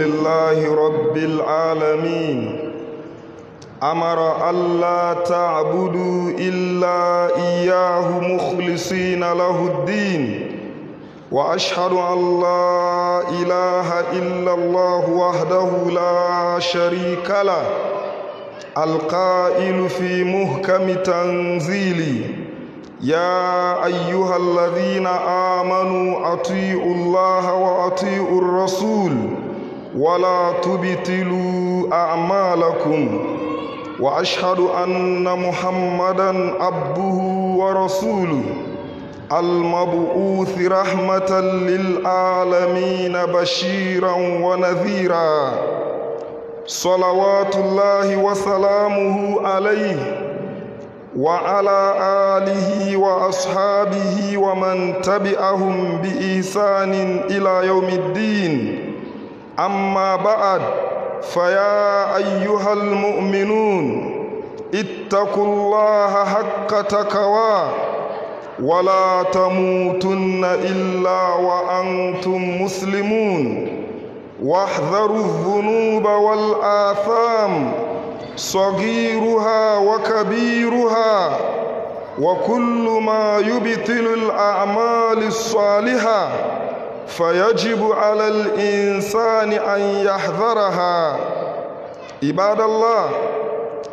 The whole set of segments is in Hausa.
لله رب العالمين أمر ألا تعبدوا إلا إياه مخلصين له الدين وأشهد أن لا إله إلا الله وحده لا شريك له القائل في محكم تنزيلي يا أيها الذين آمنوا أطيعوا الله وأطيعوا الرسول ولا تبطلوا أعمالكم وأشهد أن محمدا عبده ورسوله المبعوث رحمة للعالمين بشيرا ونذيرا صلوات الله وسلامه عليه وعلى آله وأصحابه ومن تبعهم بإحسان إلى يوم الدين أما بعد فيا أيها المؤمنون اتقوا الله حق تقواه ولا تموتن إلا وأنتم مسلمون واحذروا الذنوب والآثام صغيرها وكبيرها وكل ما يبطل الأعمال الصالحة فيجب على الإنسان أن يحذرها عباد الله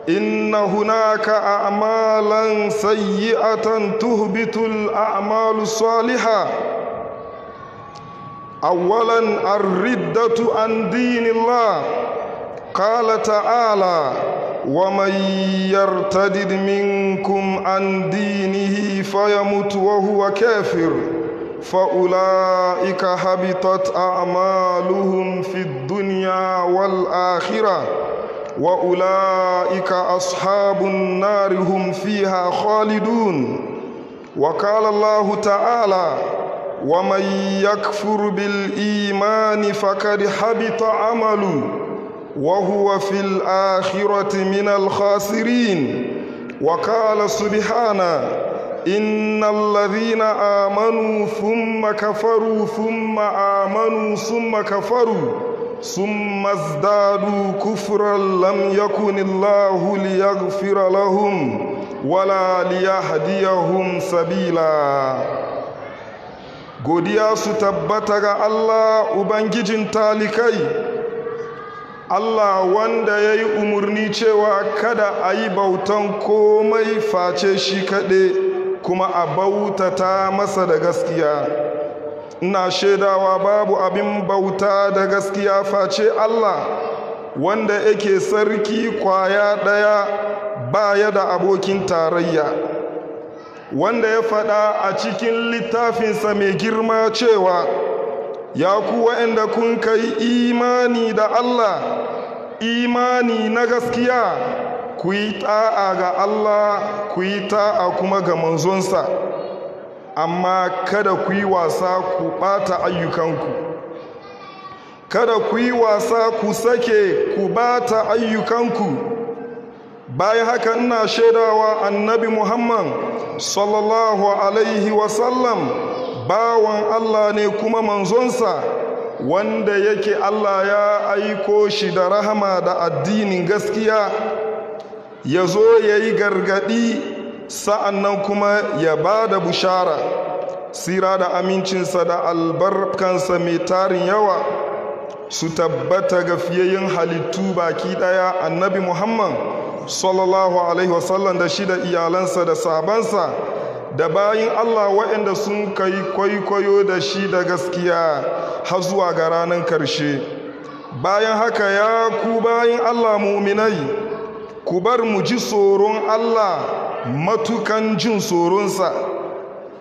إن هناك أعمالا سيئة تهبط الأعمال الصالحة أولا الردة عن دين الله قال تعالى ومن يرتد منكم عن دينه فيمت وهو كافر فأولئك هبطت أعمالهم في الدنيا والآخرة وأولئك أصحاب النار هم فيها خالدون وقال الله تعالى ومن يكفر بالإيمان فقد حبط عمله وهو في الآخرة من الخاسرين وقال سبحانه إن الذين آمنوا ثم كفروا ثم آمنوا ثم كفروا ثم ازدادوا كفرا لم يكن الله ليغفر لهم ولا ليهديهم سبيلا godiya su tabbata ga Allah Ubangijin talikai Allah wanda ya yi umarni cewa kada a yi bautan komai face shi kaɗai kuma a bautata masa da gaskiya ina shaidawa babu abin bauta da gaskiya face Allah wanda yake sarki kwaya ɗaya baya da abokin tarayya wanda ya faɗa a cikin littafinsa mai girma cewa ya ku wa'anda kun kai imani da Allah imani na gaskiya ku yi ta'a ga Allah ku yi ta'a kuma ga manzonsa amma kada ku yi wasa ku ɓata ayyukanku kada ku yi wasa ku sake ku ɓata ayyukanku bayan haka ina shaidawa annabi muhammad sallallahu alaihi wasallam bawan Allah ne kuma manzonsa wanda yake Allah ya aiko shi da rahama da addinin gaskiya ya zo ya yi gargaɗi sa'annan kuma ya ba da bushara sira da amincinsa da albarkansa mai tarin yawa su tabbata ga fiyayyin halittu baki ɗaya annabi muhammad sallallahu alaihi wasallam da shi da iyalansa da sabansa da bayin allah waɗanda sun kai kwaikwayo da shi da gaskiya har zuwa ga ranar ƙarshe bayan haka ya ku bayin allah muminai ku bar mu ji tsoron Allah matukan jin tsoronsa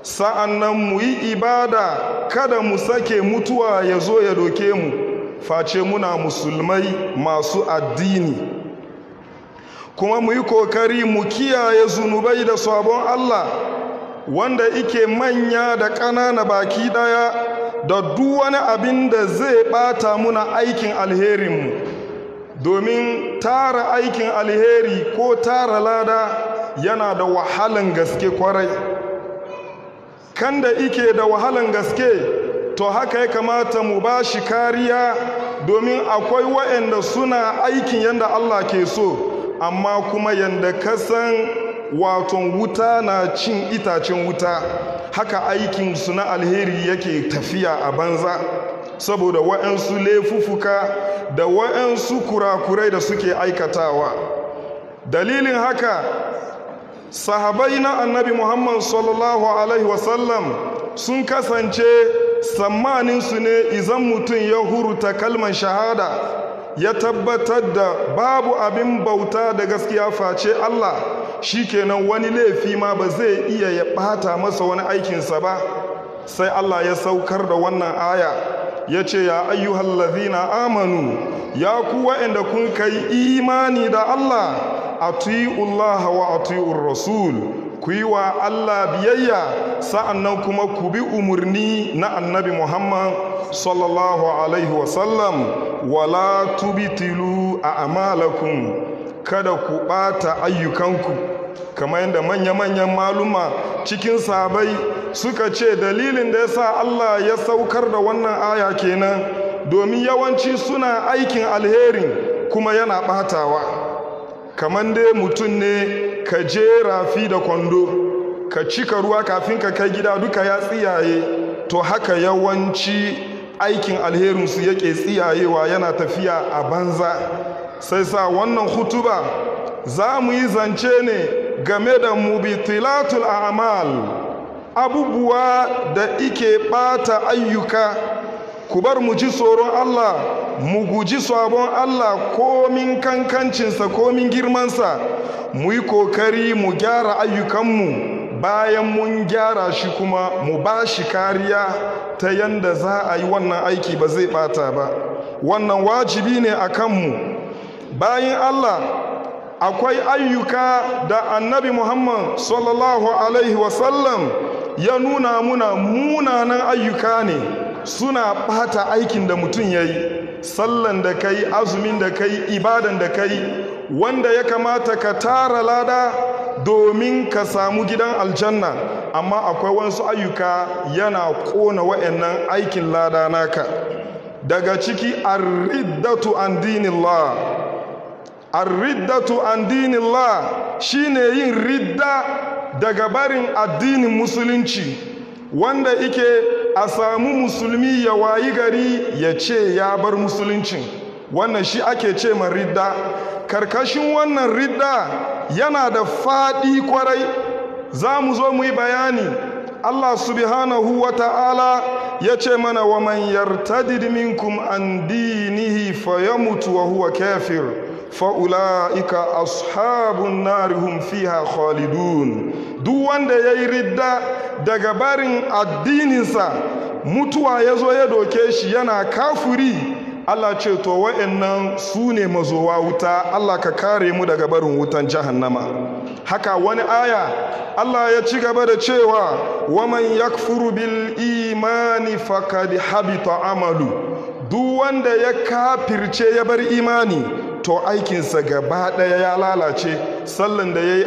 sa'an nan mu yi ibada kada mu sake mutuwa ya zo ya doke mu face muna musulmai masu addini kuma mu yi kokari mu kiyaye zunubai da sabon Allah wanda ike manya da ƙanana baki ɗaya da duk wani abin da zai bata muna aikin alherinmu domin tara aikin alheri ko tara lada yana da wahalan gaske kwarai kan da ike da wahalan gaske to haka ya kamata mu ba shi kariya domin akwai waɗanda suna aikin yadda Allah ke so amma kuma yadda kasan waton wuta na cin itacen wuta haka aikin su na alheri yake tafiya a banza saboda wa'ansu laifufuka da wa'ansu kurakurai da suke aikatawa dalilin haka sahabai na annabi muhammad sallallahu alaihi wasallam sun kasance su ne izan mutum ya huruta kalman shahada ya tabbatar da babu abin bauta da gaskiya face allah shi shikenan wani laifi ma ba zai iya ya bata masa wani aikinsa ba sai allah ya saukar da wannan aya ya ce ya na amanu ya ku wa'anda kun kai imani da Allah atiullaha wa atiur rasul ku yi wa Allah biyayya sa'annan kuma ku bi umarni na annabi Muhammad sallallahu alaihi wasallam wala tubitilu a amalakum kada ku ɓata ayyukanku kamar yadda manya-manyan maluma cikin sabai suka ce dalilin da ya sa Allah ya saukar da wannan aya kenan domin yawanci suna aikin alherin kuma yana batawa Kamar dai mutum ne ka je rafi da kwando ka cika ruwa kafin ka kai gida duka ya tsiyaye to haka yawanci aikin alherinsu yake tsiyayewa yana tafiya a banza sai sa wannan hutuba za mu yi zance ne game da mubitilatul a'mal abubuwa da ike ɓata ayyuka ku bar mu ji tsoron Allah mu guji sabon Allah komin kankancinsa komin girmansa mu yi kokari mu gyara ayyukanmu bayan mun gyara shi kuma mu ba shi kariya ta yanda za a yi wannan aiki ba zai ɓata ba wannan wajibi ne a kanmu bayan Allah akwai ayyuka da annabi muhammad sallallahu alaihi wasallam ya nuna muna munanan ayyuka ne suna bata aikin da mutum ya yi sallan da kai azumin da kai ibadan da kai wanda ya kamata ka tara lada domin ka samu gidan aljanna amma akwai wasu ayyuka yana kona wa'annan aikin lada naka daga ciki arriddatu an dinillah arriddatu an dinillah shine yin ridda daga barin addinin musulunci wanda ike a samu musulmi ya wayi gari ya ce ya bar musuluncin wannan shi ake ce ma ridda karkashin wannan ridda yana da faɗi kwarai za mu zo mu yi bayani allah subhanahu wa ta'ala ya ce mana wa man yartadid minkum an dinihi fa yamutu wa huwa kafir fa'ula'ika ashabun narihun fiha khalidun duk wanda ya yi ridda daga barin addininsa mutuwa ya zo ya doke shi yana kafuri Allah ce to wa'annan su ne mazowa wuta Allah ka kare mu daga barin wutan jahannama haka wani aya Allah ya ci gaba da cewa waman yakfuru bil imani faqad habita amalu duk wanda ya kafirce ya bar imani to aikinsa gaba ɗaya ya lalace sallan da ya yi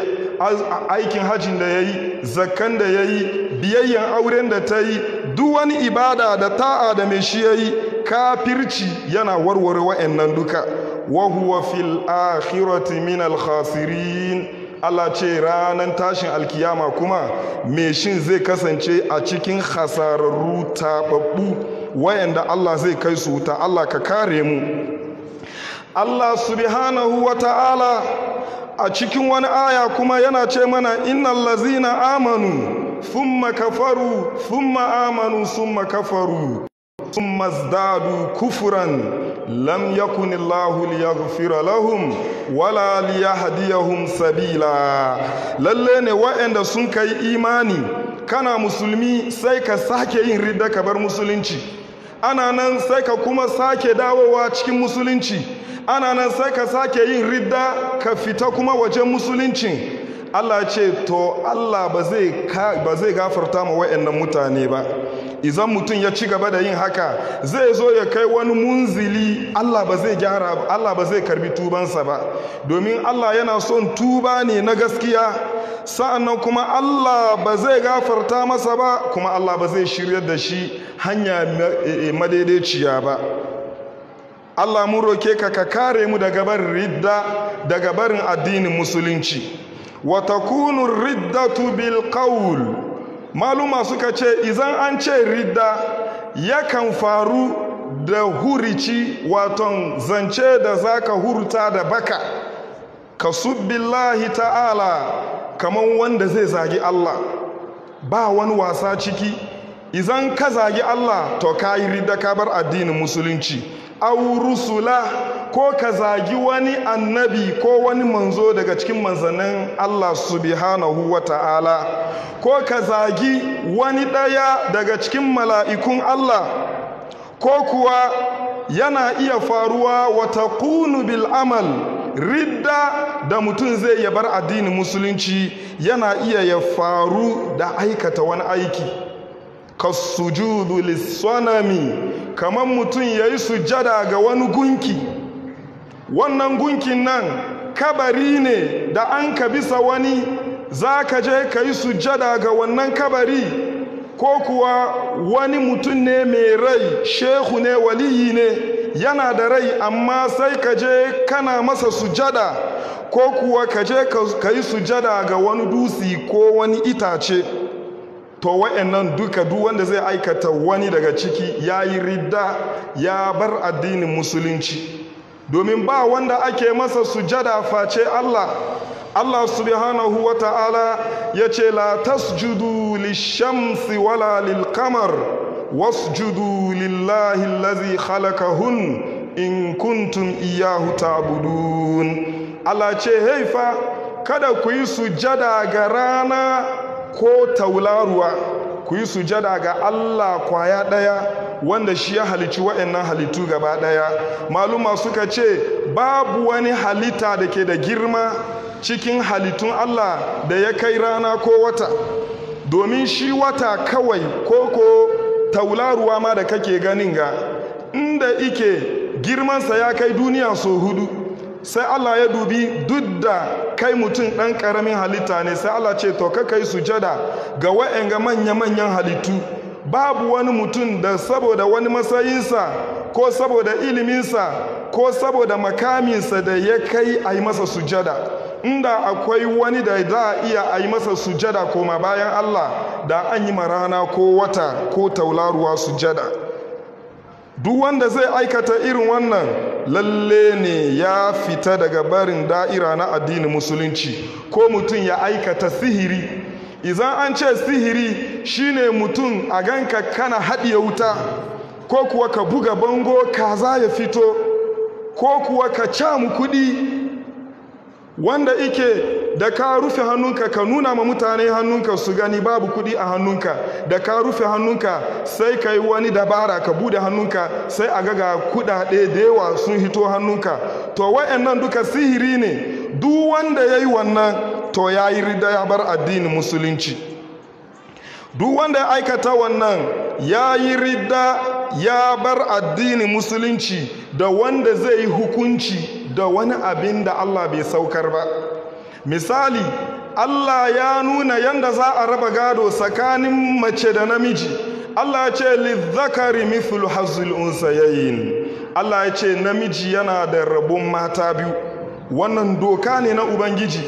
aikin hajjin da ya yi zakan da ya yi biyayyen auren da ta yi duk wani ibada da ta'a da mai shi ya yi kafirci yana warware wa'annan duka wahuwa fil akhirati min alhasirin. Allah ce ranar tashin alkiyama kuma mai shin zai kasance a cikin hasararru taɓaɓɓu wayanda Allah zai kai su wuta Allah ka kare mu Allah subhanahu wa ta'ala a cikin wani aya kuma yana ce mana innal lazina amanu thumma kafaru thumma amanu thumma kafaru thumma izdadu kufran lam yakun Allahu liyaghfira lahum wala liyahdiyahum sabila lalle ne waɗanda sun kai imani kana musulmi sai ka sake yin ridda ka bar musulunci ana nan sai ka kuma sake dawowa cikin musulunci ana nan sai ka sake yin ridda ka fita kuma wajen musulunci Allah ce to Allah ba zai gafarta ma wa'annan mutane ba idan mutum ya ci gaba da yin haka zai zo ya kai wani munzili Allah ba zai gyara Allah ba zai karbi tubansa ba domin Allah yana son tuba ne na gaskiya sa'annan kuma Allah ba zai gafarta masa ba kuma Allah ba zai shiryar da shi hanya e-, e-, madaidaiciya ba Allah mun roke ka ka kare mu daga barin ridda daga barin addinin musulunci wa takunu riddatu bil qawl maluma suka ce idan an ce ridda yakan faru da hurici waton zance da zaka hurta da baka ka subbillahi ta'ala kamar wanda zai zagi Allah ba wani wasa ciki izan ka zagi Allah to ka yi ridda ka bar addinin musulunci aw rusula ko ka zagi wani annabi ko wani manzo daga cikin manzannin Allah subhanahu wa ta'ala ko ka zagi wani ɗaya daga cikin mala'ikun Allah ko kuwa yana iya faruwa wata kunu bil amal ridda da mutum zai ya bar addinin musulunci yana iya ya faru da aikata wani aiki kasujudu lissonami kamar mutum ya yi sujada ga wani gunki wannan gunkin nan kabari ne da an ka bisa wani za ka je ka yi sujada ga wannan kabari ko kuwa wani mutum ne mai rai shehu ne waliyi ne yana da rai amma sai ka je kana masa sujada ko kuwa ka je ka yi sujada ga wani dusi ko wani itace to wa'annan duka duk wanda zai aikata wani daga ciki ya yi ridda ya bar addinin musulunci domin ba wanda ake masa sujada face Allah Allah subhanahu wa ta'ala ya ce la tasjudu lishamsi wala lilkamar wasjudu lillahi lazi hun in kuntun iyahu ta'budun Allah ce haifa kada ku yi sujada ga rana ko taularuwa ku yi sujada ga Allah kwaya ɗaya wanda shi ya halici wa'annan halittu gaba ɗaya maluma suka ce babu wani halitta da ke da girma cikin halittun Allah da ya kai rana ko wata domin shi wata kawai ko ko taularuwa ma da kake ganin ga inda ike girmansa ya kai duniya so hudu sai Allah ya dubi duk da kai mutum ɗan ƙaramin halitta ne sai Allah ce to ka kai sujada ga wa'anga manya-manyan halittu babu wani mutum da saboda wani matsayinsa ko saboda iliminsa ko saboda makaminsa da ya kai a yi masa sujada inda akwai wani da za a iya a yi masa sujada koma bayan Allah da an yi marana ko wata ko taularuwa sujada duk wanda zai aikata irin wannan lalle ne ya fita daga barin da'ira na addinin musulunci ko mutum ya aikata sihiri izan an ce sihiri shine mutum a ganka kana haɗiye wuta ko kuwa ka buga bango kaza ya fito ko kuwa ka camu kuɗi wanda ike da ka rufe hannunka ka nuna ma mutane hannunka su gani babu kudi a hannunka da ka rufe hannunka sai ka yi wani dabara ka bude hannunka sai a gaga kudade da yawa sun hito hannunka to wayannan duka sihiri ne duk wanda ya yi wannan to ya yi rida ya bar addinin musulunci duk wanda ya aikata wannan ya yi rida ya bar addinin musulunci da wanda zai yi hukunci da wani abin da Allah bai saukar ba misali Allah ya nuna yanda za a raba gado tsakanin mace da namiji Allah ya ce lizzakari mithlu hazil unsayayin Allah ya ce namiji yana da rabon mata biyu wannan doka ne na ubangiji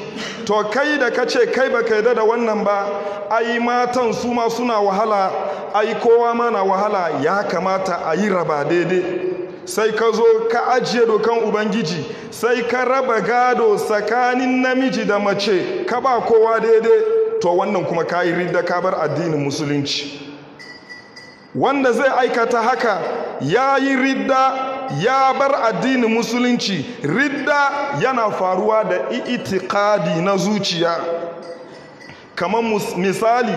to kai da ka ce kai baka yi da wannan ba ai matan su ma suna wahala ai kowa ma na wahala ya kamata a yi raba daidai sai ka zo ka ajiye dokan ubangiji sai ka raba gado tsakanin namiji da mace ka ba kowa daidai to wannan kuma ka yi ridda ka bar addinin musulunci wanda zai aikata haka ya yi ridda ya bar addinin musulunci ridda yana faruwa da itikadi na zuciya kamar misali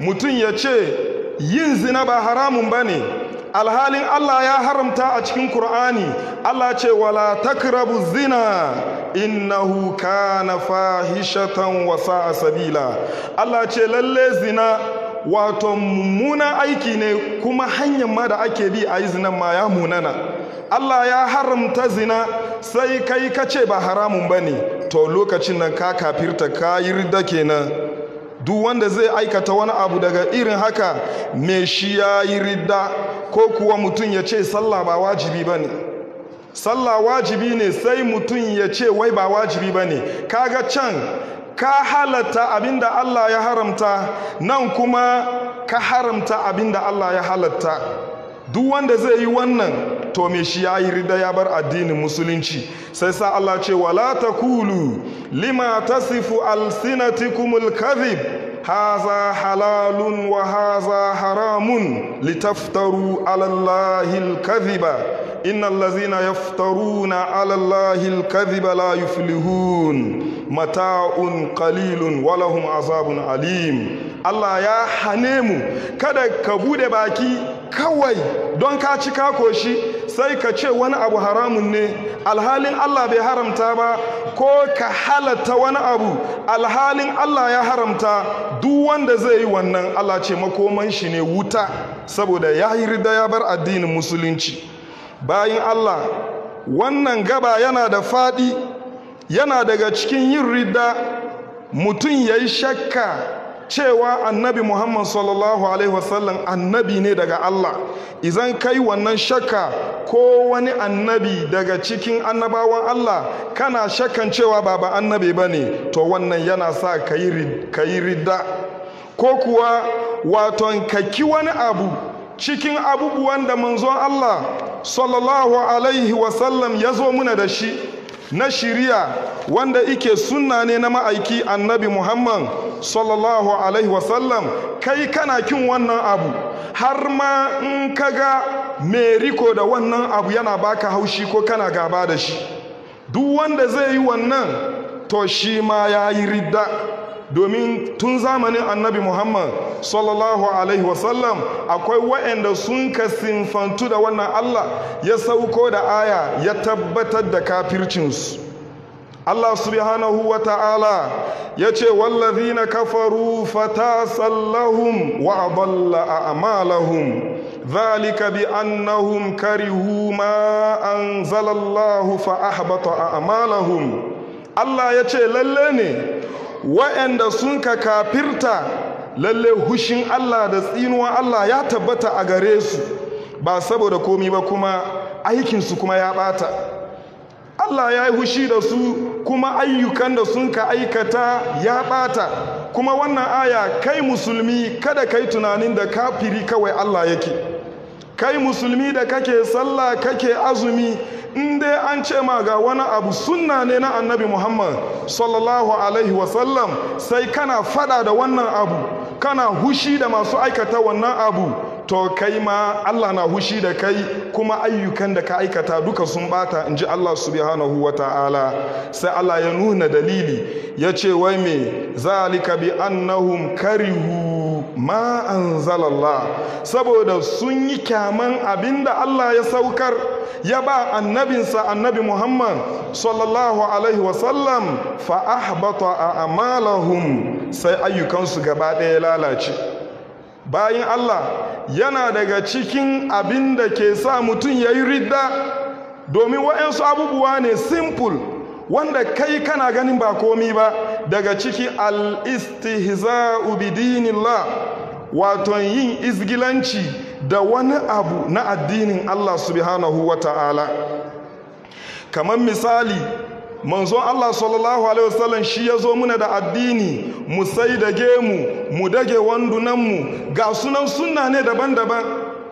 mutum ya ce yin zina ba haramun ba ne alhalin Allah ya haramta a cikin Kur'ani Allah ce wala takrabu zina innahu kana fahishatan wa sa'a sabila Allah ce lalle zina wato mummuna aiki ne kuma hanyar ma da ake bi a yi zinan ma ya munana Allah ya haramta zina sai kai ka ce ba haramun ba ne to lokacin nan ka kafirta ka yi rida kenan duk wanda zai aikata wani abu daga irin haka me shi ya yi ridda ko kuwa mutum ya ce sallah ba wajibi ba ne sallah wajibi ne sai mutum ya ce wai ba wajibi ba ne kaga can ka halatta abinda Allah ya haramta nan kuma ka haramta abinda Allah ya halatta duk wanda zai yi wannan to me shi ya yi rida ya bar addinin musulunci sai sa Allah ce wala kulu lima tasifu alsinatikumul kadhib haza halalun wa haza haramun litaftaru alallahil kadhiba innal lazina yaftaruna alallahil kadhiba la yuflihun mata'un qalilun wa lahum azabun alim Allah ya hane mu kada ka bude baki kawai don ka ci ka koshi sai ka ce wani abu haramun ne alhalin Allah bai haramta ba ko ka halatta wani abu alhalin Allah ya haramta duk wanda zai yi wannan Allah ce makoman shi ne wuta saboda ya hirda ya bar addinin musulunci bayan Allah wannan gaba yana da faɗi yana daga cikin yin ridda mutum ya yi shakka cewa annabi muhammad sallallahu alaihi wasallam annabi ne daga allah izan kai wannan shakka ko wani annabi daga cikin annabawan allah kana shakkan cewa ba ba annabi ba ne to wannan yana sa ka yi ridda ko kuwa waton kaki wani abu cikin abubuwan da manzon allah sallallahu alaihi wasallam ya zo muna da shi na shiriya wanda ike sunna ne na ma'aiki annabi muhammad sallallahu alaihi wasallam kai kana kin wannan abu har ma in ka ga mai riko da wannan abu yana baka haushi ko kana gaba da shi duk wanda zai yi wannan to shi ma ya yi ridda domin tun zamanin annabi muhammad sallallahu alaihi wasallam akwai waɗanda sun ka sinfantu da wannan allah ya sauko da aya ya tabbatar da kafircinsu allah subhanahu wa ta'ala ya ce wallazina kafaru fatasallahum wa adalla a'malahum ذلك بأنهم كرهوا faahbata a الله Allah ya ce يتشي ne. wa'anda sun ka kafirta lalle hushin Allah da tsinuwa Allah ya tabbata a gare su ba saboda komi ba kuma aikinsu kuma ya bata Allah ya yi hushi da su kuma ayyukan da sun ka aikata ya bata kuma wannan aya kai musulmi kada kai tunanin da kafiri kawai Allah yake kai musulmi da kake sallah kake azumi in dai an ce ma ga wani abu sunna ne na annabi muhammad sallallahu alaihi wasallam sai kana fada da wannan abu kana hushi da masu aikata wannan abu to kai ma allah na hushi da kai kuma ayyukan da ka aikata duka sun bata in ji allah subhanahu wa ta'ala sai allah ya nuna dalili ya ce wai me zalika bi annahum karihu ma saboda sun yi kyaman abinda Allah ya saukar ya ba annabinsa annabi Muhammad sallallahu alaihi wasallam fa a amalahun sai ayyukansu gaba ɗaya lalace bayan Allah yana daga cikin abinda ke sa mutum ya yi ridda domin waɗansu abubuwa ne simple wanda kai kana ganin ba komi ba daga ciki al-istihza'u wato yin izgilanci da wani abu na addinin Allah subhanahu wa ta'ala. kamar misali manzo Allah sallallahu alaihi wasallam shi ya zo muna da addini mu sai da gemu mu dage wandunanmu ga sunan sunna ne daban-daban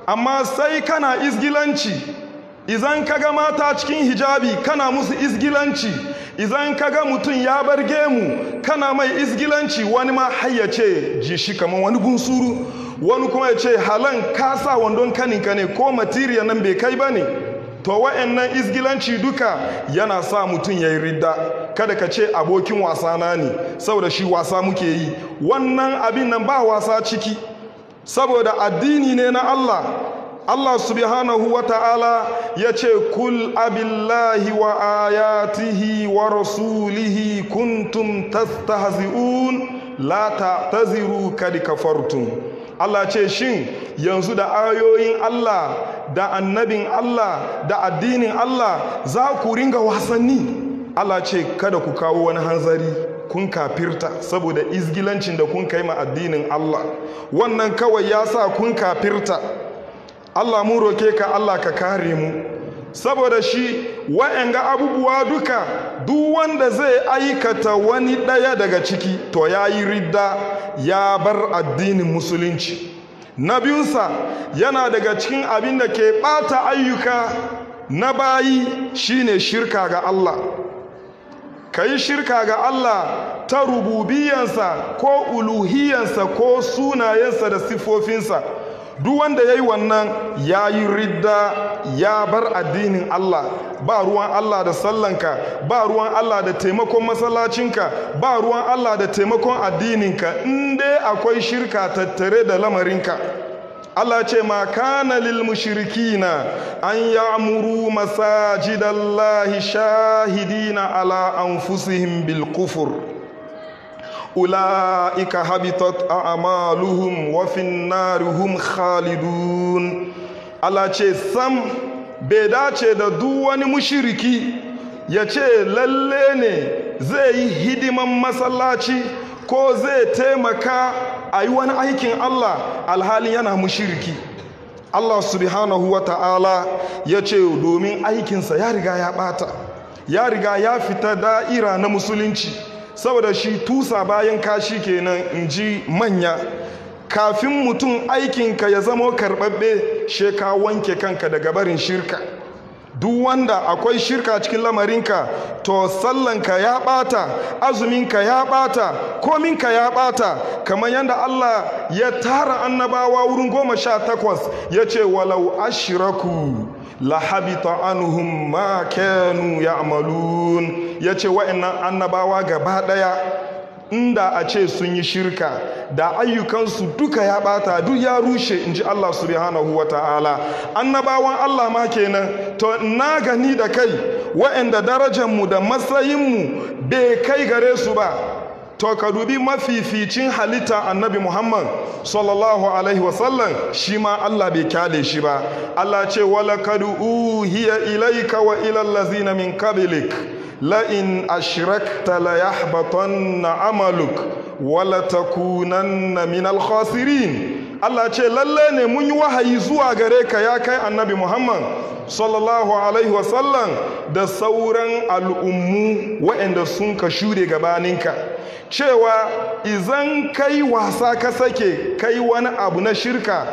amma sai kana izgilanci Izan kaga mata cikin hijabi kana musu izgilanci Izan kaga mutum ya bar gemu kana mai izgilanci wani ma hayyace ji shi kamar wani gunsuru wani kuma ya ce halan kasa sa wandon ka ne ko material nan bai kai ba ne to wa'annan izgilanci duka yana sa mutum ya yi ridda kada ka ce abokin wasa na ne saboda shi wasa muke yi wannan abin nan ba wasa ciki saboda addini ne na Allah Allah subhanahu wa ta'ala ya ce, Kul abillahi wa ayatihi wa rasulihi kuntum tastahzi'un la ta'taziru kad kafartum. Allah ce shin yanzu da ayoyin Allah da annabin Allah da addinin Allah za ku ringa wasanni. Allah ce kada ku kawo wani hanzari. kun kafirta saboda izgilancin da kun kai ma addinin Allah wannan kawai ya sa kun kafirta Allah mun roke ka Allah ka kare mu saboda shi wa'anga abubuwa duka duk wanda zai aikata wani ɗaya daga ciki to ya yi ridda ya bar addinin musulunci na biyunsa yana daga cikin abin da ke ɓata ayyuka na bayi shine shirka ga Allah ka yi shirka ga Allah ta rububiyansa ko uluhiyansa ko sunayensa da sifofinsa. duk wanda ya yi wannan ya yi ridda ya bar addinin Allah ba ruwan Allah da sallanka ba ruwan Allah da taimakon masallacinka ba ruwan Allah da taimakon addininka inda akwai shirka tattare da lamarinka Allah ce ma kana lil mushrikina an ya'muru masajidallahi shahidina ala anfusihim bil kufur ula'ika habitat a'maluhum wa fin narihum khalidun ce sam bai dace da duk wani mushiriki ya ce lalle ne zai yi hidiman masallaci ko zai taimaka a yi wani aikin Allah alhalin yana mushiriki Allah subhanahu wa ta'ala ya ce domin aikinsa ya riga ya bata ya riga ya fita da'ira na musulunci saboda shi tusa bayan kashi kenan in ji manya kafin mutum aikinka ya zamo karɓaɓɓe she ka wanke kanka daga barin shirka duk wanda akwai shirka cikin lamarinka to sallanka ya ɓata azuminka ya ɓata kominka ya ɓata kamar yadda Allah ya tara annabawa wurin goma sha takwas ya ce walau ashiraku lahabita anuhum ma kenu ya kanu ya'malun yace wa'annan annabawa gaba ɗaya inda a ce sun yi shirka da ayyukansu duka ya bata duk ya rushe in ji Allah subhanahu ta'ala annabawan Allah ma kenan to na gani da kai wa'anda darajanmu mu da matsayinmu bai kai gare su ba to ka dubi mafificin halitta annabi muhammad sallallahu alaihi wasallam shi ma allah bai kyale shi ba allah ce wala kadu uhiya ilaika wa ilal lazina min kabilik la'in ashrakta la na amaluk wala na minal khasirin Allah ce lalle ne mun yi wahayi zuwa gare ka ya kai annabi Muhammad sallallahu alaihi wasallam da sauran al'ummu waɗanda sun ka shure gabaninka cewa izan kai wasa ka sake kai wani abu na shirka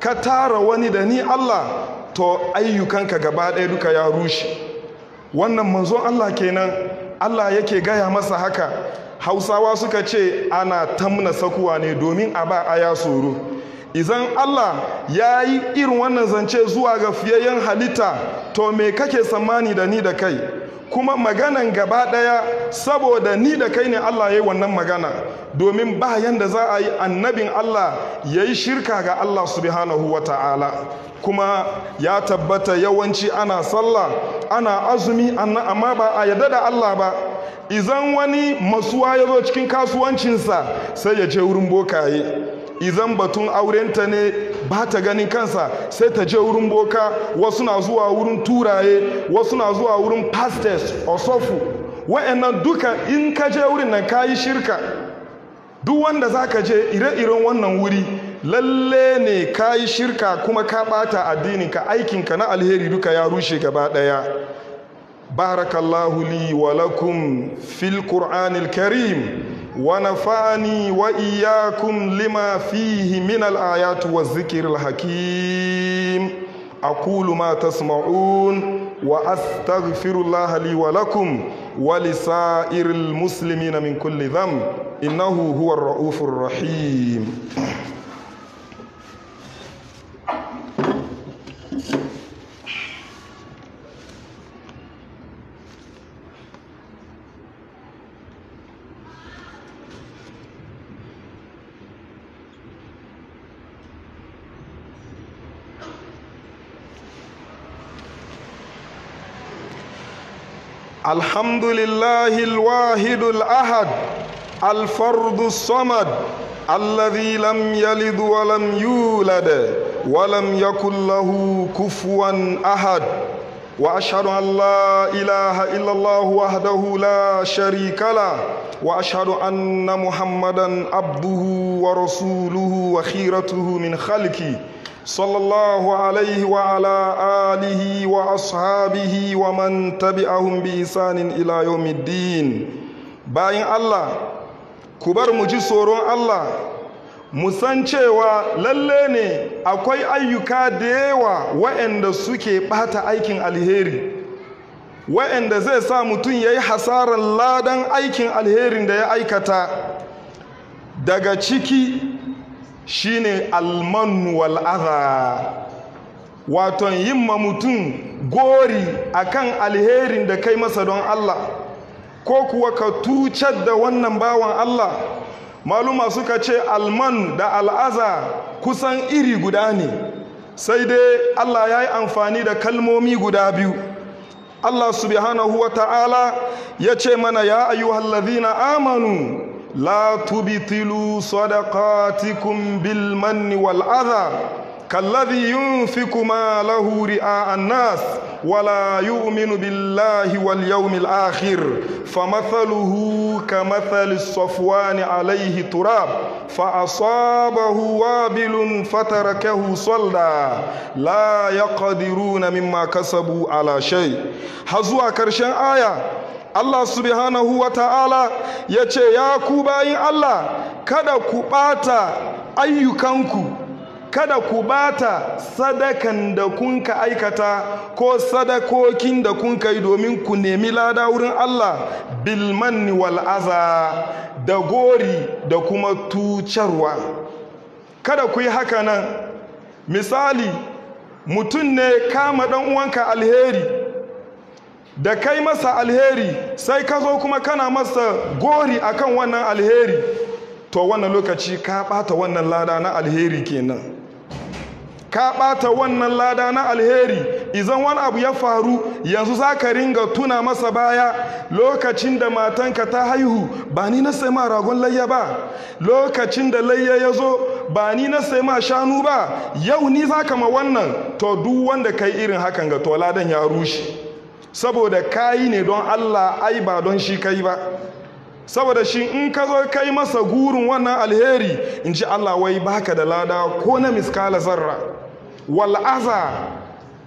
ka tara wani da ni Allah to ayyukanka gaba ɗaya duka ya rushe wannan manzon Allah kenan Allah yake gaya masa haka hausawa suka ce ana tamna sakuwa ne domin a ba a ya tsoro izan Allah ya yi irin wannan zance zuwa ga fiyayyen halitta to me kake tsammani da ni da kai kuma maganan gaba ɗaya saboda ni da kai ne Allah ya yi wannan magana domin ba yanda za a yi annabin Allah ya yi shirka ga Allah subhanahu wa ta'ala kuma ya tabbata yawanci ana sallah ana azumi amma ba a yarda da Allah ba izan wani masuwa ya zo cikin kasuwancinsa sai ya je wurin bokaye izan batun aurenta ne ba ta ganin kansa sai ta je wurin boka wasu na zuwa wurin turaye wasu na zuwa wurin pastors osofu wa'annan duka in ka je wurin nan kayi shirka duk wanda za ka je ire-iren wannan wuri lalle ne kayi shirka kuma ka bata ka aikinka na alheri duka ya rushe gaba daya barakallahu li wa fil kur'anil karim ونفعني وإياكم لما فيه من الآيات والذكر الحكيم أقول ما تسمعون وأستغفر الله لي ولكم ولسائر المسلمين من كل ذنب إنه هو الرؤوف الرحيم الحمد لله الواحد الأحد الفرد الصمد الذي لم يلد ولم يولد ولم يكن له كفوا أحد وأشهد أن لا إله إلا الله وحده لا شريك له وأشهد أن محمدا عبده ورسوله وخيرته من خلقه صلى الله عليه وعلى آله وأصحابه ومن تبعهم بإحسان إلى يوم الدين باين الله كبر مجسور الله mu san cewa lalle ne akwai ayyuka da yawa wa'anda suke ɓata aikin alheri wa'anda zai sa mutum ya yi hasarar ladan aikin alherin da ya aikata daga ciki shine ne wal adha waton yin ma mutum gori akan alherin da kai masa don Allah ko kuwa ka tucar da wannan bawan Allah maluma suka ce alman da al'aza kusan iri guda ne sai dai Allah ya yi amfani da kalmomi guda biyu Allah subhanahu wa ta'ala ya ce mana ya ayyuhallazina amanu لا تبطلوا صدقاتكم بالمن والأذى كالذي ينفق ماله رئاء الناس ولا يؤمن بالله واليوم الآخر فمثله كمثل الصفوان عليه تراب فأصابه وابل فتركه صلدا لا يقدرون مما كسبوا على شيء هزوا كرشان آية Allah subhanahu wa ta'ala ya ce ya ku bayin Allah kada ku ɓata ayyukanku kada ku ɓata sadakan da kun ka aikata ko sadakokin da kunka yi domin ku nemi lada wurin Allah bilmanni wal'aza da gori da kuma tucarwa kada ku yi haka nan misali mutum ne kama ɗan uwanka alheri da kai masa alheri sai ka zo kuma kana masa gori akan wannan alheri to wannan lokaci ka ɓata wannan lada na alheri kenan ka ɓata wannan lada na alheri izan wani abu ya faru yanzu za ka ringa tuna masa baya lokacin da matanka ta haihu ba ni na sai ma ragon layya ba lokacin da layya ya zo ba ni na sai ma shanu ba yau ni za ka ma wannan to duk wanda kai irin hakan ga to ladan ya rushe saboda kayi ne don Allah ai ba don shi kai ba saboda shi in ka zo kai masa gurin wannan alheri in ji Allah wai baka da lada ko na miskala zarra wal'aza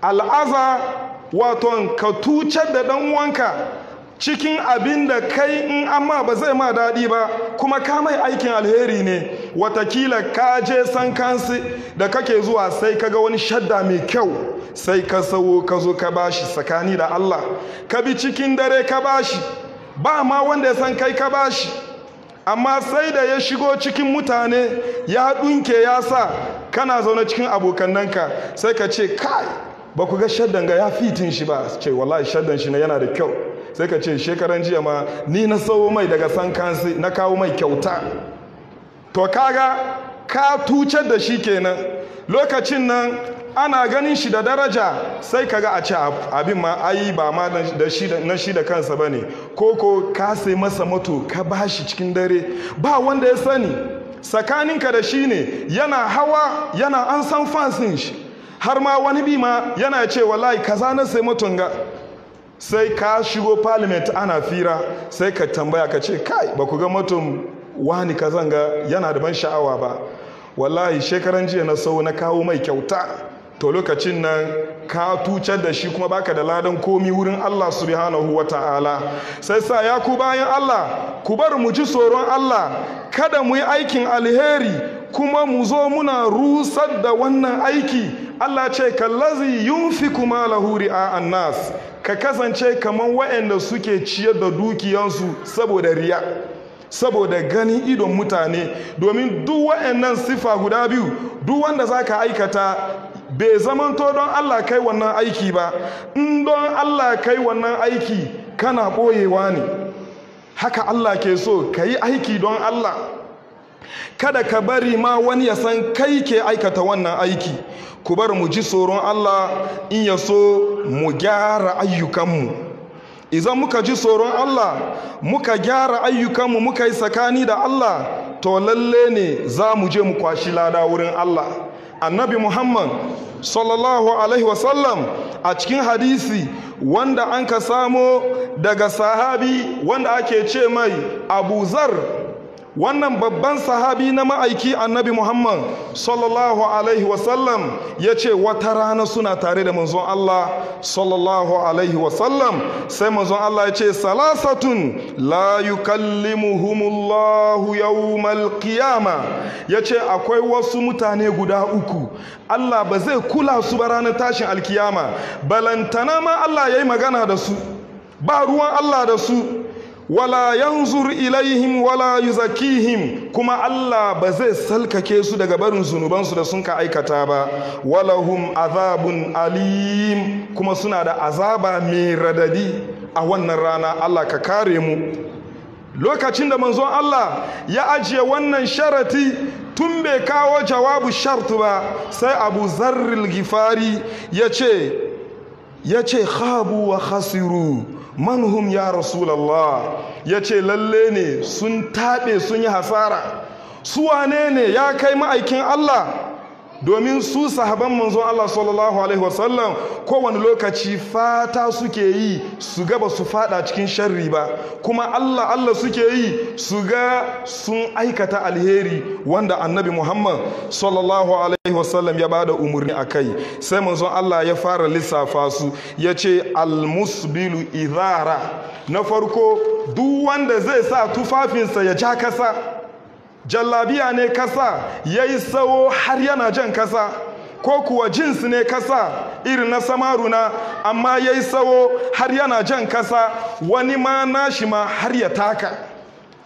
al'aza waton ka tucar da dan uwanka cikin abin da kai in amma ba zai ma daɗi ba kuma ka mai aikin alheri ne watakila ka je san kansu da kake zuwa sai kaga wani shadda mai kyau sai ka sawo ka zo ka bashi tsakani da Allah ka bi cikin dare ka bashi ba ma wanda ya san kai ka bashi amma sai da ya shigo cikin mutane ya dunke ya sa kana zaune cikin abokannanka sai ka ce kai ba ku ga shaddan ga ya fitin shi ba ce wallahi shaddan shi ne yana da kyau sai ka ce shekaran jiya ma ni na sayo mai daga san kansu na kawo mai kyauta to kaga ka tucar da shi kenan lokacin nan ana ganin shi da daraja sai kaga a ci abin ma ayi ba ma na shi da kansa ba ne ko ko ka sai masa mato ka ba shi cikin dare ba wanda ya sani tsakaninka da shi ne yana hawa yana an san fansin shi har ma wani bi ma yana ce wallahi kaza na sai mutunga sai ka shigo parliament ana fira sai ka tambaya ka ce kai ba ku ga mutum wani ka zanga yana da ban sha'awa ba wallahi shekaran jiya na sau na kawo mai kyauta to lokacin nan ka tucar da shi kuma baka da ladan komi wurin Allah subhanahu wa ta'ala sai sa ya ku bayan Allah ku bar mu ji tsoron Allah kada mu yi aikin alheri kuma mu zo muna rusar da wannan aiki Allah ce kallazi kuma lahuri a annas. ka kasance kamar waɗanda suke ciyar da dukiyansu saboda riya saboda ganin idon mutane domin duk waɗannan sifa guda biyu duk wanda za ka aikata bai zamanto don Allah kai wannan aiki ba in don Allah kai wannan aiki kana ɓoyewa ne haka Allah ke so ka yi aiki don Allah kada ka bari ma wani ya san kai ke aikata wannan aiki ku bar mu ji tsoron Allah in ya so mu gyara ayyukanmu idan muka ji tsoron Allah muka gyara ayyukanmu muka yi tsakani da Allah to lalle ne za mu je mu kwashi lada wurin Allah annabi Muhammad sallallahu alaihi wasallam a cikin hadisi wanda an ka samo daga sahabi wanda ake ce mai abu zar wannan babban sahabi na ma'aiki annabi muhammad sallallahu alaihi wasallam ya ce wata rana suna tare da manzon allah sallallahu alaihi wasallam sai manzon allah ya ce salasatun la yukallimuhumullahu yawmal qiyama ya ce akwai wasu mutane guda uku allah ba zai kula su ba ranar tashin alkiyama balantana ma allah ya yi magana da su ba ruwan allah da su wala yanzur ilaihim wala yuzakihim kuma Allah ba zai salkake su daga barin zunubansu da sun ka aikata ba walahum azabun alim kuma suna da azaba mai radadi a wannan rana Allah ka kare mu lokacin da manzon Allah ya ajiye wannan sharati tun bai kawo jawabu shartu ba sai abu zarril gifari ya ce ya khabu wa khasiru manhum ya rasulallah ya ce lalle ne sun taɓe sun yi hasara su wane ne ya kai ma'aikin allah domin su sahaban manzon Allah sallallahu alaihi wasallam kowane lokaci fata suke yi su ga ba su fada cikin sharri ba kuma Allah Allah suke yi su ga sun aikata alheri wanda annabi Muhammad sallallahu alaihi wasallam ya bada umarni a kai sai manzon Allah ya fara lissafa su ya ce almusbilu idara na farko duk wanda zai sa tufafinsa ya ja kasa jallabiya ne kasa ya yi tsawo har yana jan kasa ko kuwa jins ne kasa irin na samaruna amma ya yi tsawo har yana jan kasa wani ma nashi ma har ya taka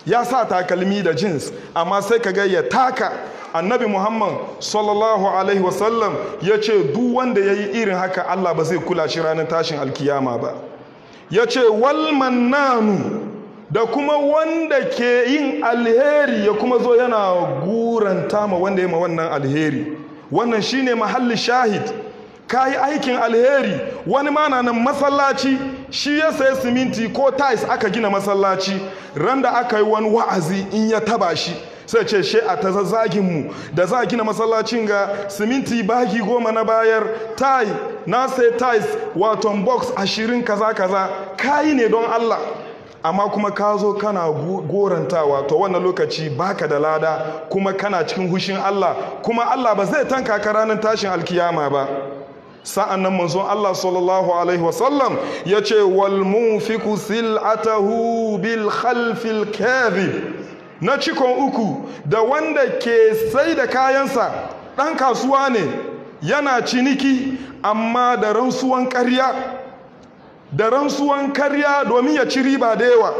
ya sa takalmi da jins amma sai ka ga ya taka annabi muhammad sallallahu alaihi wasallam ya ce duk wanda ya yi irin haka allah ba zai kula shi ranar tashin alkiyama ba ya ce walmannanu da kuma wanda ke yin alheri ya kuma zo yana guranta ma wanda ya ma wannan alheri wannan shine mahalli shahid ka yi aikin alheri wani mana nan masallaci shi ya sayi siminti ko tais aka gina masallaci ran da aka yi wani wa'azi in ya taba shi sai ce she a ta mu da za a gina masallacin ga siminti bagi goma na bayar tai na sai tais waton box ashirin kaza kaza kayi ne don allah amma kuma ka zo kana gorantawa to wannan lokaci baka da lada kuma kana cikin hushin Allah kuma Allah ba zai tanka ka ranar tashin alkiyama ba sa'an nan manzon Allah sallallahu alaihi wasallam ya ce wal munfiku sil'atahu bil khalfil kebi na cikon uku da wanda ke sai da kayansa ɗan kasuwa ne yana ciniki amma da ransuwan ƙarya da rantsuwan karya domin ya ci riba da yawa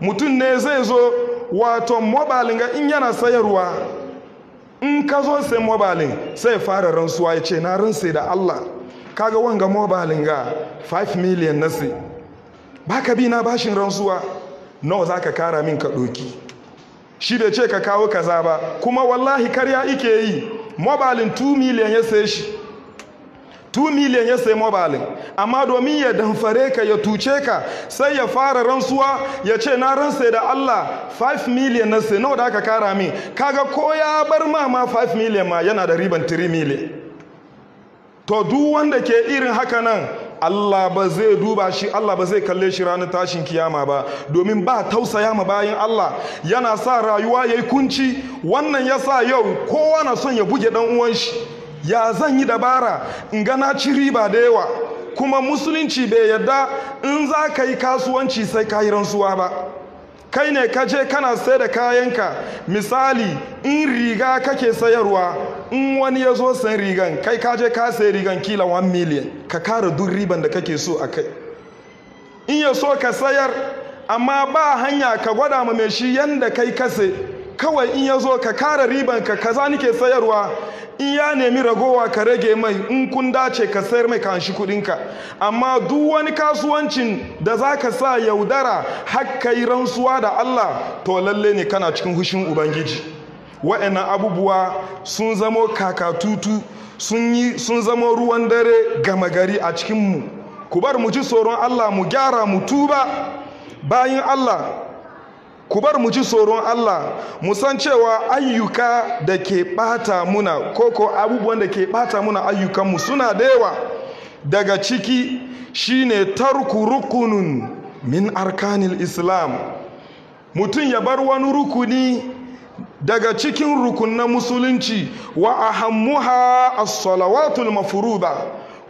mutum ne zai zo wato mobalin ga in yana sayarwa in ka zo sai mobalin sai fara ransuwa ya ce na rantse da Allah kaga wanga mobalin ga 5 million nasi baka bi na bashin rantsuwa nawa ka kara min ka doki shi bai ce ka kawo kaza ba kuma wallahi karya ike yi mobalin 2 million ya sai shi 2 miliyan ya sai mobalin amma domin ya damfare ka ya tuce ka sai ya fara rantsuwa ya ce na ransa da Allah 5 miliyan na sai nawa da aka kara min kaga ko ya bar ma ma 5 miliyan ma yana da riban 3 miliyan to duk wanda ke irin haka nan Allah ba zai duba shi Allah ba zai kalle shi ranar tashin kiyama ba domin ba tausaya ma bayan Allah yana sa rayuwa yayi kunci wannan yasa yau kowa na son ya buge dan uwan shi ya zan yi dabara in gana ci riba da yawa kuma musulunci bai yadda in za ka yi kasuwanci sai ka yi rantsuwa ba kai ne ka je kana sai da kayanka misali in riga kake sayarwa in wani ya zo san rigan kai ka je ka sai rigan kila 1 miliyan ka kara duk riban da kake so a kai in ya so ka sayar amma ba hanya ka gwada ma mai shi yanda kai kase kawai in ya zo ka kara ka kaza nike sayarwa in ya nemi ragowa ka rage mai in kun dace ka sayar mai ka shi kudinka amma duk wani kasuwancin da za ka sa yaudara hakka yi rantsuwa da Allah to lalle ne kana cikin hushin ubangiji wa'annan abubuwa sun zamo kakatutu sun yi sun zamo ruwan dare gama gari a cikin mu ku bar mu ji tsoron Allah mu gyara mu tuba bayan Allah ku bar mu ji tsoron Allah mu san cewa ayyuka da ke bata muna koko abubuwan da ke bata muna ayyukanmu suna da yawa daga ciki shine tarku rukunun min arkanil islam mutum ya bar wani rukuni daga cikin rukunan musulunci wa ahammuha as-salawatul mafruḍa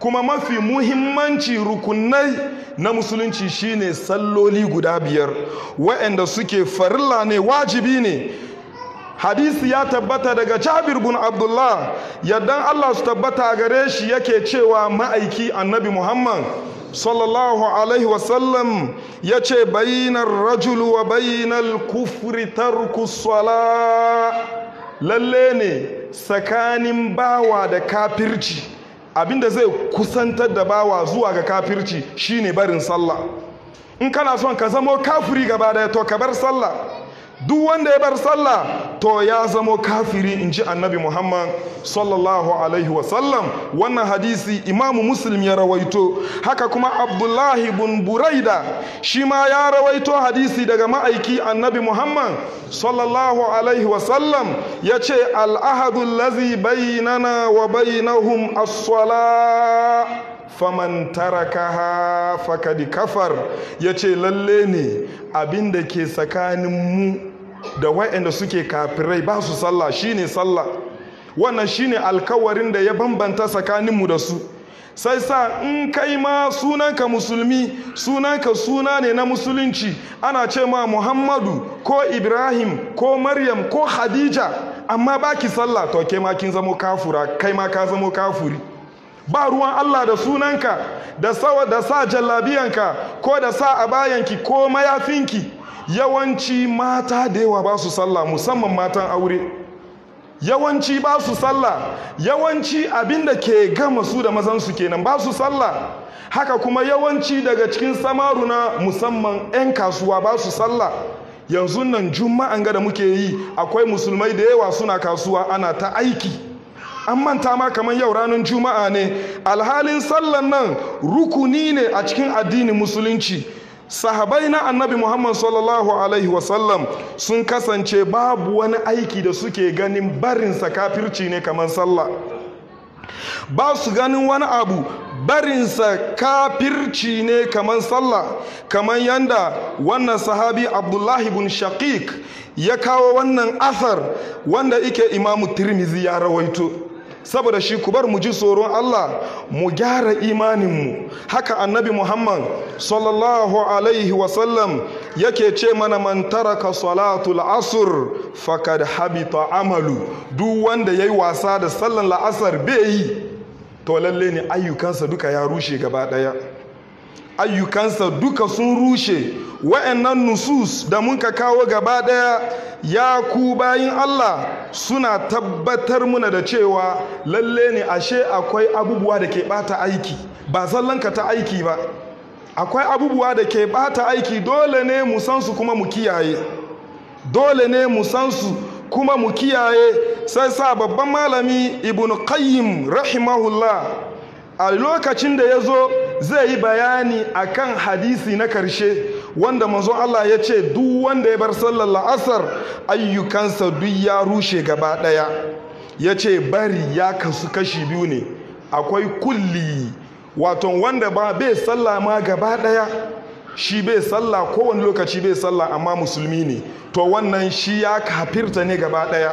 kuma mafi muhimmanci rukunai na musulunci shine salloli guda biyar waɗanda suke farilla ne wajibi ne hadisi ya tabbata daga jabir bin abdullah yadda allah su tabbata a gare shi yake cewa ma'aiki annabi muhammad sallallahu alaihi wasallam ya ce bayinar rajul wa bayinar kufri tarku lalle ne tsakanin bawa da kafirci abinda zai kusantar da bawa zuwa ga kafirci shine barin sallah in kana son ka zamo kafiri gaba daya to ka bar sallah duk wanda ya bar sallah to ya zamo kafiri in ji annabi muhammad sallallahu alaihi wasallam wannan hadisi imamu muslim ya rawaito haka kuma abdullahi bin buraida shi ma ya rawaito hadisi daga ma'aiki annabi muhammad sallallahu alaihi wasallam ya ce al'ahadun lazi bainana wa bainahum as-sala faman tarakaha fakadi kafar ya ce lalle ne abinda ke tsakanin mu da waɗanda suke kafirai ba su sallah shine sallah wannan shine alkawarin da ya bambanta tsakaninmu da su sai sa in kai ma sunanka musulmi sunanka suna ne na musulunci ana ce ma muhammadu ko ibrahim ko maryam ko Hadija amma baki sallah to ke ma kin zamo kafura kai ma ka zamo kafuri ba ruwan Allah da sunanka da da sa jallabiyanka ko da sa abayanki ko mayafinki yawanci mata da yawa ba su sallah musamman matan aure yawanci ba su sallah yawanci abinda ke gama su da mazansu kenan ba su sallah haka kuma yawanci daga cikin samaru na musamman 'yan kasuwa ba su sallah yanzu nan juma'an ga da muke yi akwai musulmai da yawa suna kasuwa ana ta aiki an manta ma kamar yau ranar juma'a ne alhalin sallan nan rukuni ne a cikin addinin musulunci sahabai na annabi muhammad sallallahu alaihi wasallam sun kasance babu wani aiki da suke ganin barinsa kafirci ne kamar sallah ba su ganin wani abu barinsa kafirci ne kamar sallah kamar yanda wannan sahabi abdullahi bin shaqiq ya kawo wannan asar wanda ike imamu tirmizi ya rawaito saboda shi ku bar mu ji tsoron Allah mu gyara imaninmu haka annabi Muhammad sallallahu alaihi wasallam yake ce mana man taraka salatul asr fakad habita amalu duk wanda yayi wasa da sallan la'asar bai yi to lalle ne ayyukansa duka ya rushe gaba daya ayyukansa duka sun rushe wa'annan nusus da muka kawo gaba daya ya ku bayin Allah suna tabbatar muna da cewa lalle ne ashe akwai abubuwa da ke bata aiki ba zallanka ta aiki ba akwai abubuwa da ke bata aiki dole ne mu san su kuma mu kiyaye dole ne mu kuma mu kiyaye sai sa babban malami ibnu qayyim rahimahullah a lokacin da ya zo zai yi bayani a kan hadisi na karshe wanda manzon Allah ya ce duk wanda ya bar sallar la'asar ayyukansa duk ya rushe gaba daya ya ce bari ya kasu kashi biyu ne akwai kulli waton wanda ba bai sallah ma gaba daya shi bai sallah kowane lokaci bai sallah amma musulmi ne to wannan shi ya kafirta ne gaba daya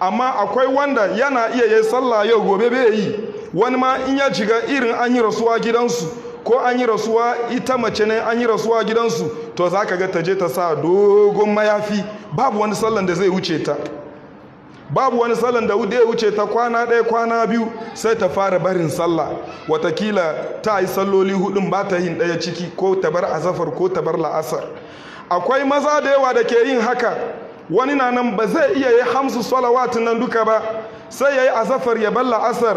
amma akwai wanda yana iya yi sallah yau gobe bai yi wani ma in ya shiga irin an yi rasuwa gidansu ko an yi rasuwa ita mace ne an yi rasuwa gidansu to za ka ga ta je ta sa dogon mayafi babu wani sallan da zai wuce ta babu wani sallan da ya wuce ta kwana ɗaya kwana biyu sai ta fara barin sallah watakila ta yi salloli hudun ba ta yin ɗaya ciki ko ta bar azafar ko ta bar la'asar akwai maza da yawa da ke yin haka wani na nan ba zai iya yi hamsu salawatin nan duka ba sai ya yi azafar ya balla asar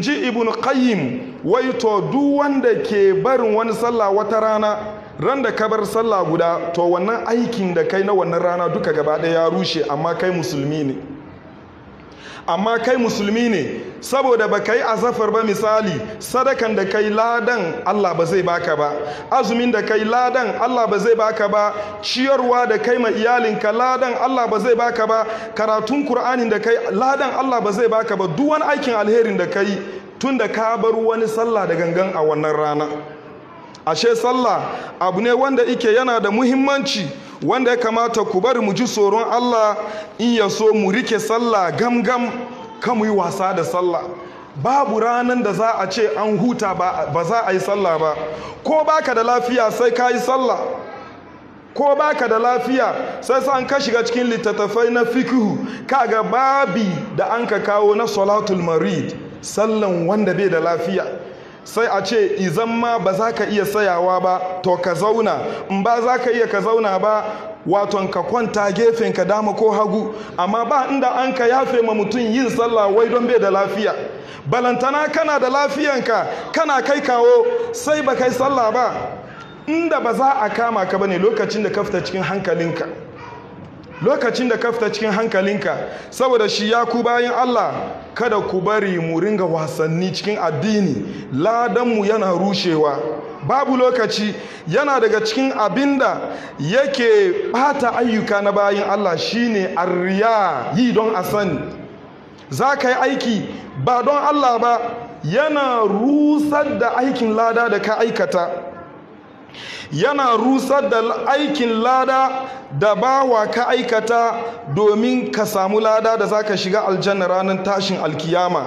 ji ibn qayyim wai to duk wanda ke barin wani sallah wata rana ran da ka bar sallah guda to wannan aikin da kai na wannan rana duka gaba ɗaya ya rushe amma kai musulmi ne amma kai musulmi ne saboda ba kai azafar ba misali sadakan da kai ladan Allah ba zai baka ba azumin da kai ladan Allah ba zai baka ba ciyarwa da kai ma iyalinka ladan Allah ba zai baka ba karatun Kur'anin da kai ladan Allah ba zai baka ba duk wani aikin alherin da kai tun da ka bar wani sallah da gangan a wannan rana ashe sallah abu ne wanda ike yana da muhimmanci wanda ya kamata ku bari mu ji tsoron Allah in ya so mu rike sallah gamgam kan mu yi wasa da sallah babu ranan da za a ce an huta ba za a yi sallah ba ko baka da lafiya sai ka yi sallah ko baka da lafiya sai sa an ka shiga cikin littattafai na fikihu kaga babi da an ka kawo na salatul marid sallan wanda bai da lafiya sai a ce izan ma ba za ka iya tsayawa ba to ka zauna in ba za ka iya ka zauna ba waton ka kwanta gefen ka dama ko hagu amma ba inda an ka yafe ma mutum yin sallah wai don bai da lafiya balantana kana da lafiyanka kana kai kawo sai ba kai sallah ba inda ba za a kama ka ba ne lokacin da ka fita cikin hankalinka lokacin da ka fita cikin hankalinka saboda shi ya ku bayan Allah kada ku bari mu ringa wasanni cikin addini ladanmu yana rushewa babu lokaci yana daga cikin abinda yake bata ayyuka na bayan Allah shine arriya yi don a sani za ka yi aiki ba don Allah ba yana rusar da aikin lada da ka aikata yana rusar da aikin lada da bawa ka aikata domin ka samu lada da za ka shiga aljanna ranar tashin alkiyama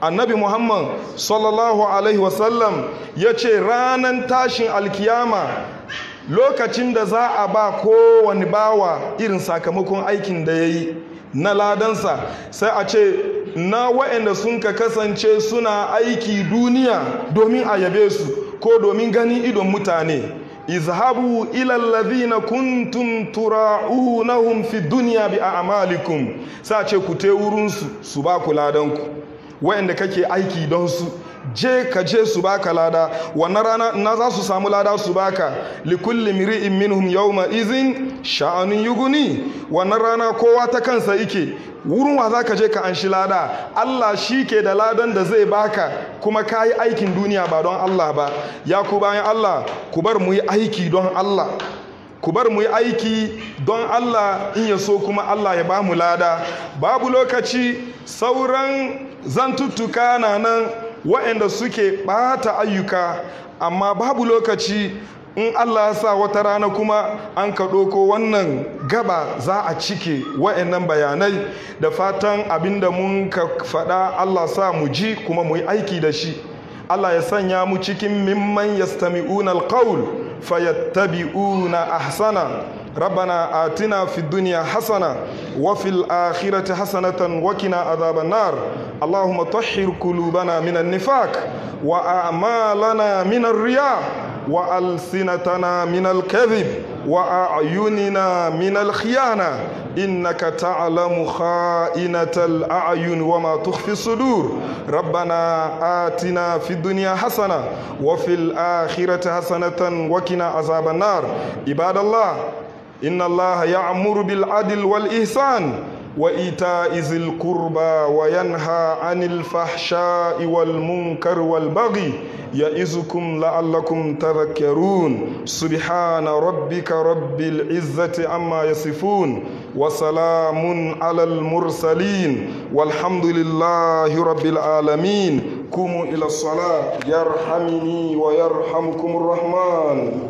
annabi muhammad sallallahu alaihi wasallam ya ce ranar tashin alkiyama lokacin da za a ba kowane bawa irin sakamakon aikin da ya yi na ladansa sai a ce na waɗanda sun ka kasance suna aiki duniya domin a yabe su ko domin ganin idon mutane izhabu ila alladhina kuntum tura'unahum fi dunya bi a'malikum sace ku te wurin su su ba ku ladanku ku wa'anda kake aiki don su je ka je su baka lada wannan rana na za su samu lada su baka likulli miri'in minhum yawma izin sha'anun yuguni wannan rana kowa ta kansa yake wurin wa ka je ka anshi lada Allah shi ke da ladan da zai baka kuma ka yi aikin duniya ba don Allah ba ya ku bayan Allah ku bar mu yi aiki don Allah ku bar mu yi aiki don Allah in ya so kuma Allah ya ba mu lada babu lokaci sauran zantuttuka na nan waɗanda suke ɓata ayyuka amma babu lokaci in Allah sa wata rana kuma an ka ɗoko wannan gaba za a cike wa'annan bayanai da fatan abinda mun ka faɗa Allah sa mu ji kuma mu yi aiki da shi Allah ya sanya mu cikin mimman yastami'una alqaul fayattabi'una ahsana ربنا آتنا في الدنيا حسنة وفي الآخرة حسنة وكنا عذاب النار اللهم طهر قلوبنا من النفاق وأعمالنا من الرياء وألسنتنا من الكذب وأعيننا من الخيانة إنك تعلم خائنة الأعين وما تخفي الصدور ربنا آتنا في الدنيا حسنة وفي الآخرة حسنة وكنا عذاب النار عباد الله إن الله يأمر بالعدل والإحسان وإيتاء ذي القربى وينهى عن الفحشاء والمنكر والبغي يئذكم لعلكم تذكرون سبحان ربك رب العزة عما يصفون وسلام على المرسلين والحمد لله رب العالمين قوموا إلى الصلاة يرحمني ويرحمكم الرحمن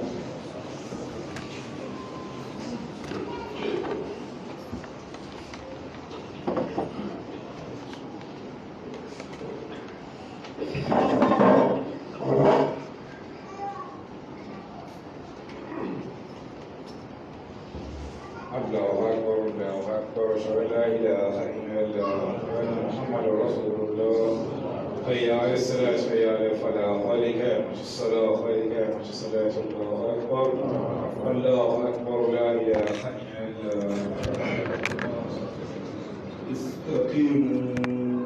الله أكبر الله أكبر أشهد لا إله إلا الله محمد رسول الله حي على الصلاة حي عليك يا الصلاة الله أكبر الله أكبر لا إله إلا الله استقيموا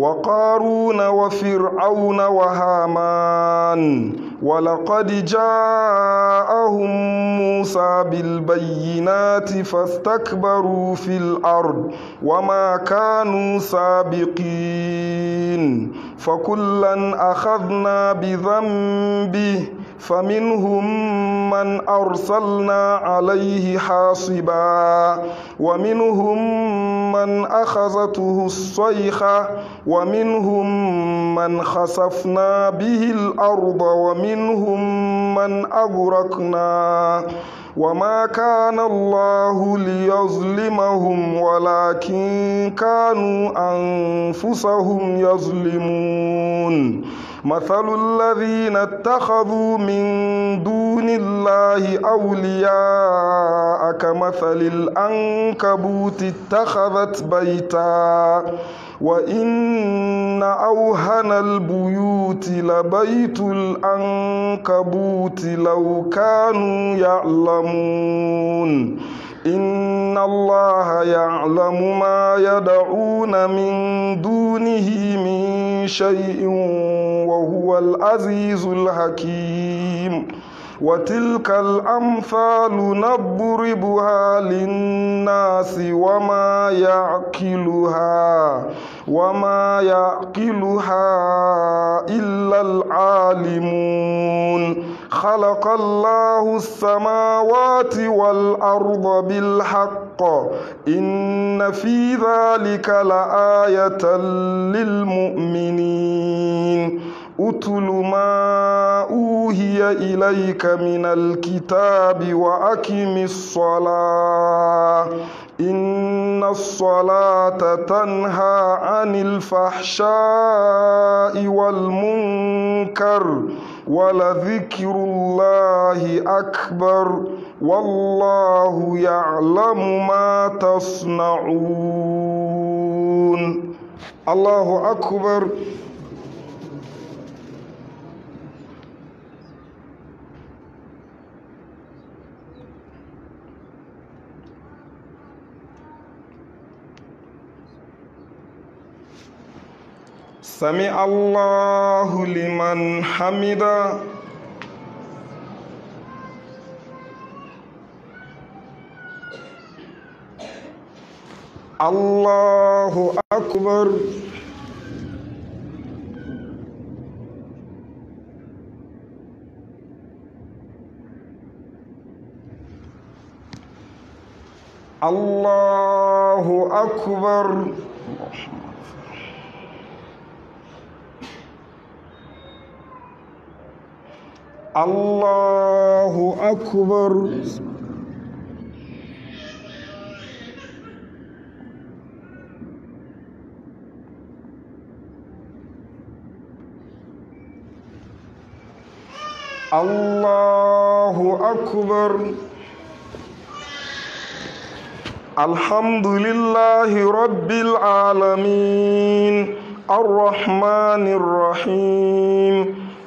وقارون وفرعون وهامان ولقد جاءهم موسى بالبينات فاستكبروا في الارض وما كانوا سابقين فكلا اخذنا بذنبه فمنهم من أرسلنا عليه حاصبا ومنهم من أخذته الصيحة ومنهم من خسفنا به الأرض ومنهم من أغرقنا وما كان الله ليظلمهم ولكن كانوا أنفسهم يظلمون مثل الذين اتخذوا من دون الله أولياء كمثل الأنكبوت اتخذت بيتا وإن أوهن البيوت لبيت الأنكبوت لو كانوا يعلمون إن الله يعلم ما يدعون من دونه من شيء وهو العزيز الحكيم وتلك الأمثال نضربها للناس وما يعقلها وما يعقلها إلا العالمون خلق الله السماوات والأرض بالحق إن في ذلك لآية للمؤمنين أتل ما أوهي إليك من الكتاب وأكم الصلاة إن الصلاة تنهى عن الفحشاء والمنكر ولذكر الله أكبر والله يعلم ما تصنعون الله أكبر Sami Allahu liman hamida Allahu akbar Allahu akbar Allahu akbar الله أكبر الله أكبر الحمد لله رب العالمين الرحمن الرحيم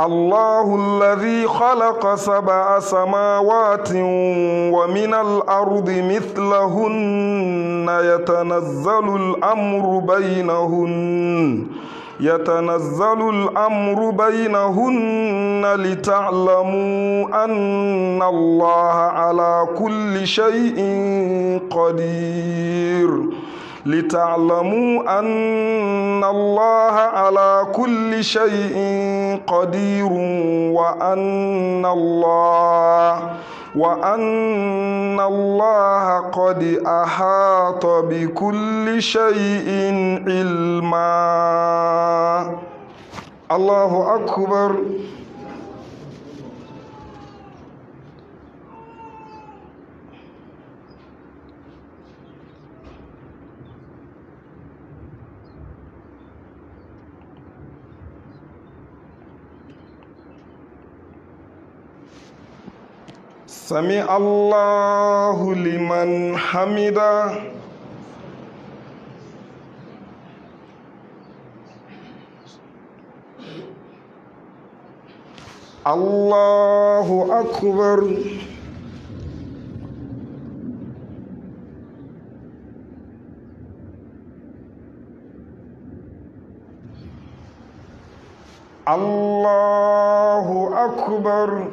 الله الذي خلق سبع سماوات ومن الأرض مثلهن يتنزل الأمر بينهن يتنزل الأمر بينهن لتعلموا أن الله على كل شيء قدير لتعلموا أن الله على كل شيء قدير وأن الله وأن الله قد أحاط بكل شيء علما الله أكبر سمع الله لمن أكبر الله أكبر الله أكبر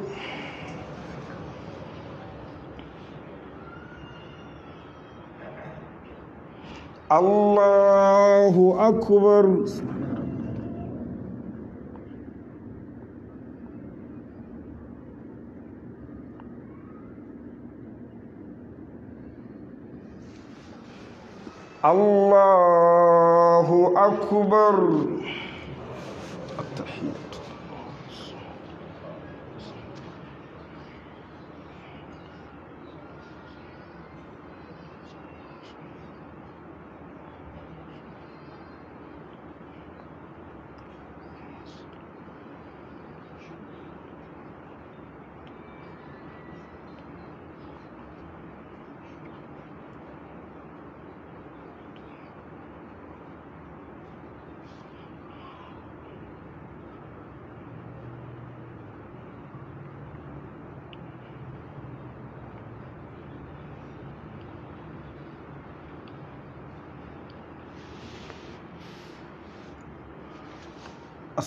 Allahu akbar Allahu akbar